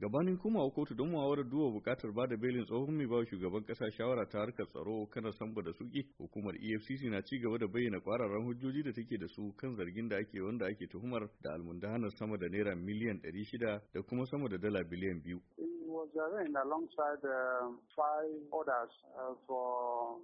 gabanin komawa kotu don muhawarar duwa bukatar bada belin tsohon mai bawa shugaban kasa shawara ta harkar tsaro kan samba da suki hukumar efcc na ci gaba da bayyana kwararren hujjoji da take da su kan zargin da ake wanda ake tuhumar da almundahanar sama da naira miliyan 600 da kuma sama da dala biliyan biyu was arraigned uh, alongside um, five others uh, for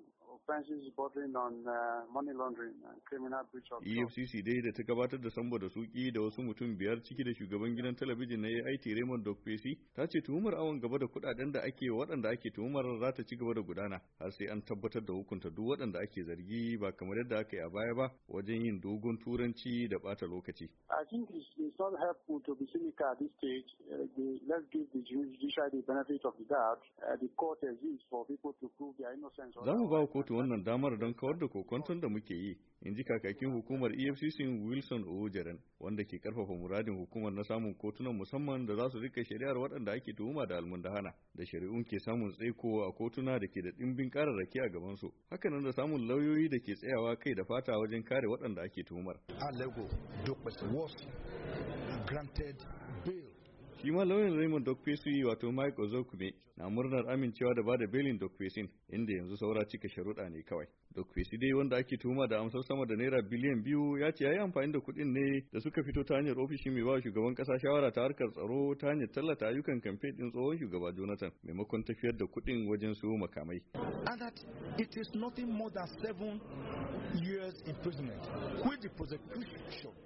offenses bordering on uh, money laundering and criminal breach of EFCC dai da ta gabatar da sambo da suki da wasu mutum biyar ciki da shugaban gidan talabijin na AIT Raymond Dokpesi ta ce tuhumar awon gaba da kudaden da ake waɗanda ake tuhumar za ta ci gaba da gudana har sai an tabbatar da hukunta duk waɗanda ake zargi ba kamar yadda aka yi a baya ba wajen yin dogon turanci da bata lokaci. I think it's, it's not helpful to be cynical at this stage. Uh, the, let's give the judicial Uh, za mu ba kotu wannan damar don kawar da kokonton da muke yi, in ji kakakin hukumar EFCC Wilson Ojeren, wanda ke karfafa muradin hukumar na samun kotunan musamman da za su rika shari'ar waɗanda ake tuhuma da almundahana, da shari'un ke samun tsaiko a kotuna da ke da ɗimbin kararraki a gabansu. Hakanan da samun lauyoyi da ke tsayawa kai da fata wajen kare waɗanda ake tuhumar. granted bail Shi ma lauyan Raymond Dokpesi wato Mike Ozokume na murnar amincewa da bada belin dokfesin inda yanzu saura cika sharuɗa ne kawai. Dokpesi dai wanda ake tuhuma da amsar sama da naira biliyan biyu ya ce ya yi amfani da kuɗin ne da suka fito ta hanyar ofishin mai ba shugaban ƙasa shawara ta harkar tsaro ta hanyar tallata ayyukan kamfe ɗin tsohon shugaba Jonathan maimakon tafiyar da kuɗin wajen su makamai. And that it is nothing more than seven years imprisonment with the prosecution.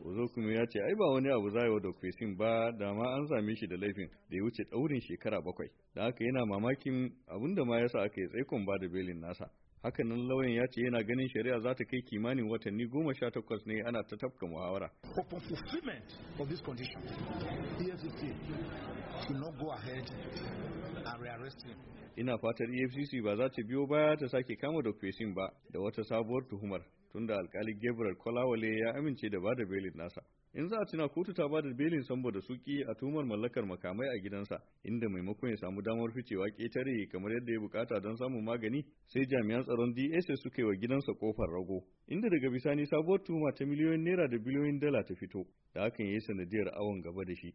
Ozokume ya ce ai ba wani abu za wa Dokfesin ba da ma an same shi da laifin da ya wuce ɗaurin shekara bakwai da haka yana mamakin abin da ma ya sa aka yi tsaikon ba da belin nasa hakanan lauyan ya ce yana ganin shari'a za ta kai kimanin watanni goma sha takwas ne ana ta tafka muhawara. not go ahead and rearrest him. Ina fatar EFCC ba za ta biyo baya ta sake kama da Kwesin ba da wata sabuwar tuhumar tunda alkali Gabriel Kolawale ya amince da bada belin nasa. In za a tuna kotu ta bada belin sambo da suki a tuhumar mallakar makamai a gidansa inda maimakon ya samu damar ficewa ketare kamar yadda ya bukata don samun magani sai jami'an tsaron DSS suka yi wa gidansa kofar rago. Inda daga bisani sabuwar tuhuma ta miliyoyin naira da biliyoyin dala ta fito da hakan ya yi sanadiyar awon gaba da shi.